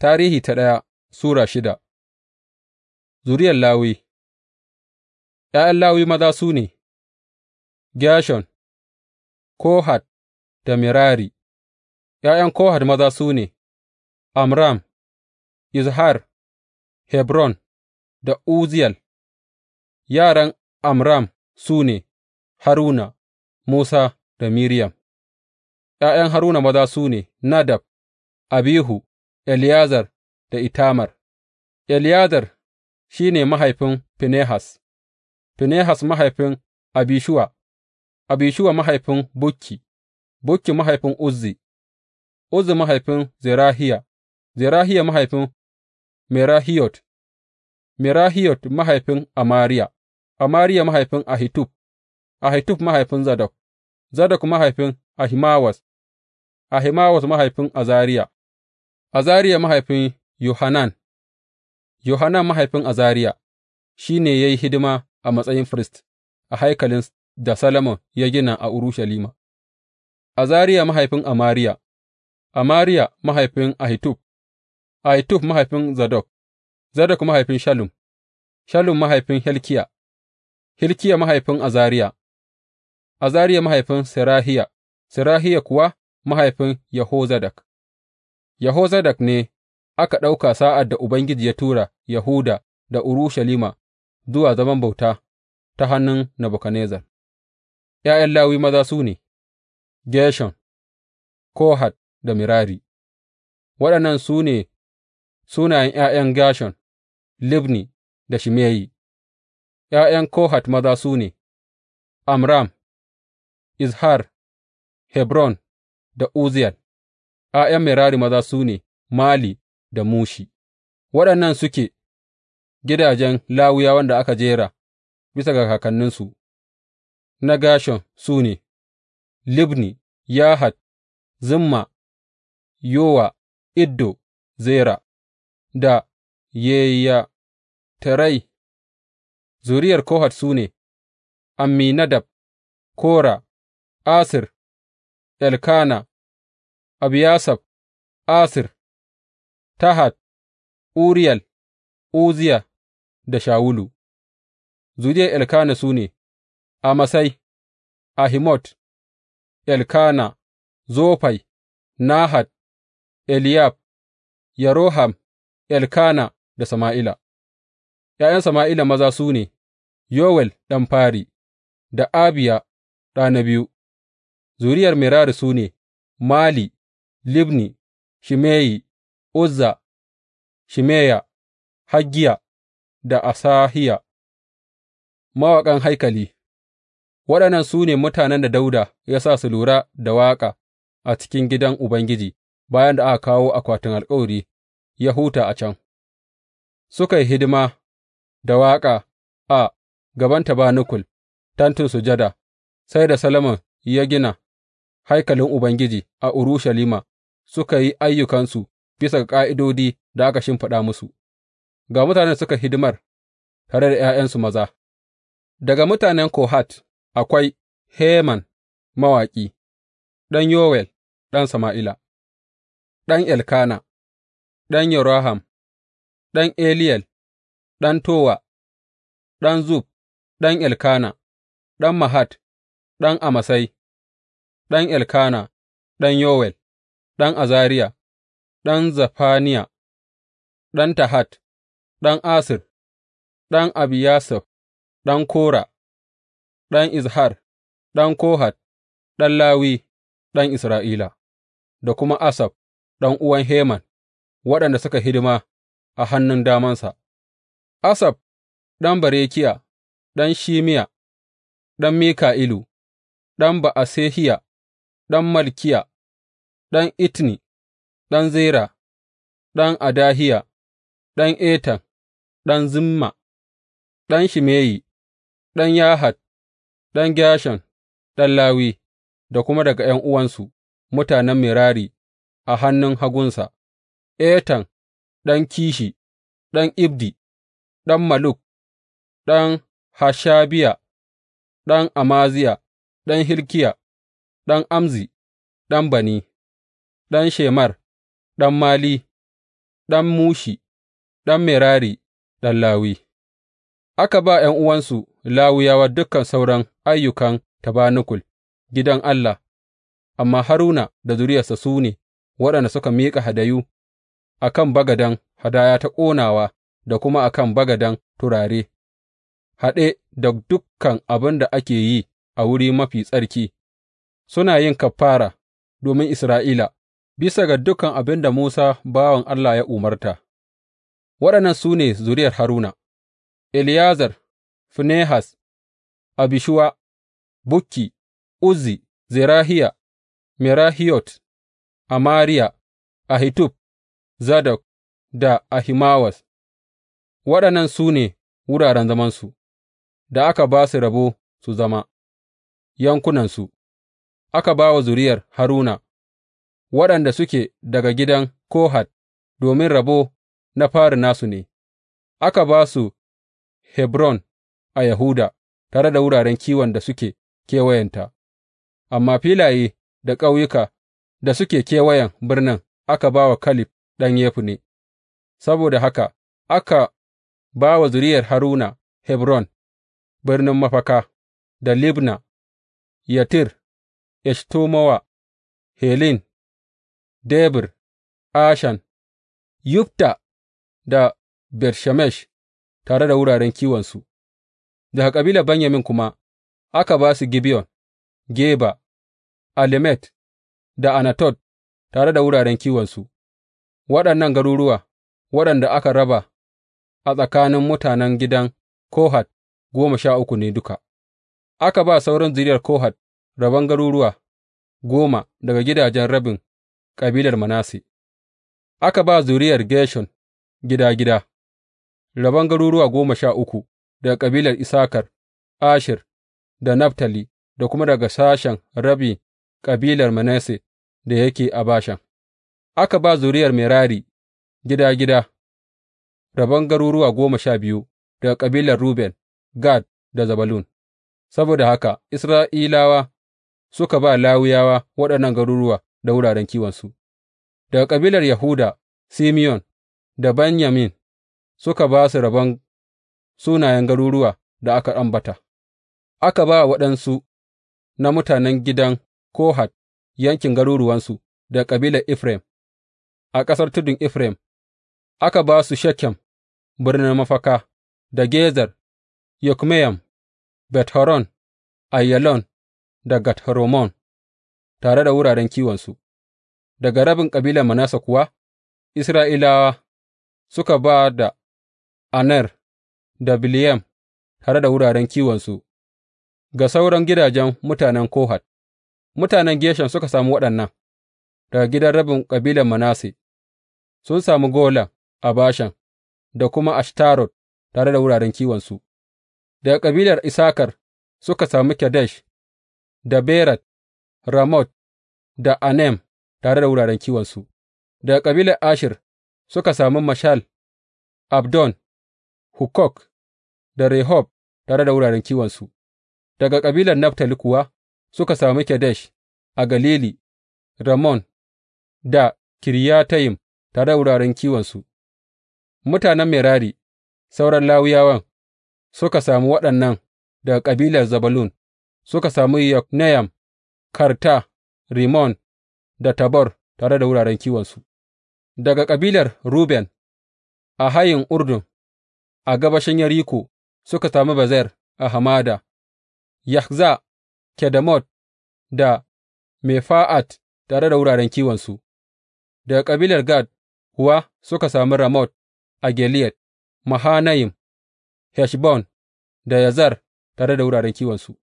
Tarihi ta ɗaya Sura shida Zuriyar Lawi ’Ya'yan Lawi maza su ne, Gershon, Kohat da Merari ’Ya'yan Kohat maza su ne, Amram, Izhar, Hebron da Uzziyel Yaran Amram su ne, Haruna, Musa da Miriam. ’Ya'yan Haruna maza su ne, Nadab, Abihu. Eleyazar da Itamar Eleyazar shi ne mahaifin Finehas, Finehas mahaifin Abishuwa, Abishuwa mahaifin Bukki, Bukki mahaifin Uzzi, Uzzi mahaifin Zerahiya, Zerahiya mahaifin Merahiyot, Merahiyot mahaifin Amariya, Amariya mahaifin Ahitub, Ahitub mahaifin Zadok, Zadok mahaifin Ahimawas, Ahimawas mahaifin Azariya. Azariya mahaifin Yohanan Yohanan mahaifin Azariya shi ne ya yi hidima a matsayin firist a haikalin da Solomon ya gina a Urushalima, Azariya mahaifin Amariya, Amariya mahaifin Ahitub, Ahitub mahaifin Zadok, Zadok mahaifin Shalom Shalom mahaifin Hilkiya, Hilkiya mahaifin Azariya, Azariya mahaifin Serahiya, Serahiya kuwa mahaifin Yehozadak. Yehozadak ne aka ɗauka sa'ad da Ubangiji ya tura Yahuda da Urushalima zuwa zaman bauta ta hannun Nebukadnezzar ’Ya'yan Lawi maza su ne, Gershon, Kohat da Mirari. Waɗannan su ne sunayen ’ya'yan Gershon, Libni da Shimeyi ’Ya'yan Kohat maza su ne, Amram, Izhar, Hebron da Uzziyel. ’Ya'yan Merari maza su ne, Mali da Mushi, waɗannan suke gidajen Lawiyawan da aka jera bisa ga kakanninsu na Gershon su ne, Libni, Yahat, Zimma, Yowa, Iddo, Zera da Terai, zuriyar Kohat su ne, Amminadab, Kora, Asir, Elkana. Abiyasaf, Asir, Tahat, Uriyel, Uzziya da Shawulu Zuriyar Elkana su ne, Amasai, Ahimot, Elkana, Zofai, Nahat, Eliyab, yaroham Elkana da Sama'ila ’Ya'yan Sama'ila maza su ne, Yowel ɗan fari da Abiya ɗa na biyu, zuriyar Mirari su ne, Mali. Libni, Shimeyi, Uzza, Shimeya, Haggiya da Asahiya, mawaƙan haikali Waɗannan su ne mutanen da Dauda ya sa su lura da waƙa a cikin gidan Ubangiji bayan da aka kawo akwatin alkawari ya huta a can, suka yi hidima da waƙa a gaban tabanukul, tentin sujada, sai da Salomon ya gina haikalin Ubangiji a Urushalima. suka yi ayyukansu bisa ga ƙa'idodi da aka shimfiɗa musu, ga mutanen da suka hidimar tare da ’ya'yansu maza, daga mutanen Kohat akwai Heman mawaƙi, ɗan Yowel, ɗan Sama'ila, ɗan Elkana, ɗan Yoraham, ɗan Eliyel, ɗan Towa, ɗan Zub, ɗan Elkana, ɗan Mahat, ɗan Amasai, ɗan Elkana, ɗan Yowel, ɗan Azariya, ɗan Zefaniya, ɗan Tahat, ɗan Asir, ɗan Abiyasaf, ɗan Kora, ɗan Izhar, ɗan Kohat, ɗan Lawi, ɗan Isra'ila, da kuma Asaf, uwan Heman, waɗanda suka hidima a hannun damansa, Asaf, ɗan Berekiya, ɗan Shimiya, ɗan Mika'ilu, ɗan Ba'asehiya, ɗan Malkiya, ɗan itni, ɗan Zera, ɗan Adahiya, ɗan Etan, ɗan Zimma, ɗan Shimeyi, ɗan Yahat, ɗan Gershon, ɗan Lawi, da kuma daga 'yan uwansu mutanen Merari a hannun hagunsa, Etan, ɗan Kishi, ɗan Ibdi, ɗan Maluk, ɗan Hashabiya, ɗan Amaziya, ɗan Hilkiya, ɗan Amzi, ɗan Bani. ɗan Shemar, ɗan Mali, ɗan Mushi, ɗan Merari, ɗan Lawi Aka ba ’yan'uwansu Lawiyawa dukan sauran ayyukan tabanakul gidan Allah, amma Haruna da zuriyarsa su ne waɗanda suka miƙa hadayu a kan bagaden hadaya ta ƙonawa da kuma a kan bagaden turare, haɗe da dukkan abin da ake yi a wuri mafi tsarki, suna yin kafara domin Isra'ila bisa ga dukan abin da Musa bawan Allah ya umarta, waɗannan su ne zuriyar Haruna, Eliyazar, Finehas, Abishuwa, Bukki, Uzzi, Zerahiya, Merahiyot, Amariya, Ahitub, Zadok da Ahimawas, waɗannan su ne wuraren zamansu, da aka ba su rabo su zama yankunansu, aka ba wa zuriyar Haruna. waɗanda suke daga gidan Kohat domin rabo na fari nasu ne, aka ba su Hebron a Yahuda tare da wuraren kiwon da suke kewayenta, amma filaye da ƙauyuka da suke kewayen birnin aka ba wa Kalif ɗan Yefune, saboda haka aka ba wa zuriyar Haruna Hebron, birnin mafaka, da Libna, Yatir, Eshtemowa, Helin Debir, Ashan, Yutta da Bet tare da wuraren kiwonsu, daga kabilar Benyamin kuma aka ba su Gibeyon, Geba, Alemet da Anatot tare da wuraren kiwonsu, waɗannan garuruwa waɗanda aka raba a tsakanin mutanen gidan Kohat goma sha uku ne duka, aka ba sauran zuriyar Kohat rabon garuruwa goma daga gidajen rabin kabilar Manasse Aka ba zuriyar Gershon gida gida, rabon garuruwa goma sha uku daga kabilar Isakar, Asher da Naftali, da kuma daga sashen rabin kabilar Manasse da yake a Bashan. Aka ba zuriyar Merari gida gida, rabon garuruwa goma sha biyu daga kabilar Ruben, Gad da Zabalun. Saboda haka Isra'ilawa suka ba Lawiyawa waɗannan garuruwa da wuraren kiwonsu, daga kabilar Yahuda, Simeyon da Benyamin suka ba su rabon sunayen garuruwa da aka ambata, aka ba waɗansu na mutanen gidan Kohat yankin garuruwansu da kabilar Efraim, a ƙasar tudun Efraim, aka ba su Shekem birnin mafaka da Gezer, Yokmeyam, Bet Ayalon da Gat tare da wuraren kiwonsu, daga rabin kabilar Manasse kuwa Isra'ilawa suka ba da Aner da Bileyam tare da wuraren kiwonsu ga sauran gidajen mutanen Kohat, mutanen Geshan suka sami waɗannan daga gidan rabin kabilar Manasse, sun sami Golan a Bashan da kuma Ashtarot tare da wuraren kiwonsu, daga kabilar Isakar suka sami Kadesh da Berat Ramot da Anem tare da wuraren kiwonsu, daga kabilar Ashir suka sami Mashal, Abdon, Hukok da Rehob tare da wuraren kiwonsu, daga kabilar Naftali kuwa suka sami Kedash, a Galili, ramon da Kiryatayim tare da wuraren kiwonsu, mutanen Merari, sauran Lawiyawan, suka sami waɗannan daga kabilar Zabalun suka sami Yokneyam. Karta, rimon da Tabor tare da wuraren kiwonsu, daga kabilar Ruben a hayin Urdun a gabashin yariko suka sami bazer a hamada, Yahza, kedamot da Mefa'at tare da wuraren kiwonsu, daga kabilar Gad kuwa suka sami Ramot a Gilead, Mahanayim, Heshbon da yazar tare da wuraren kiwonsu.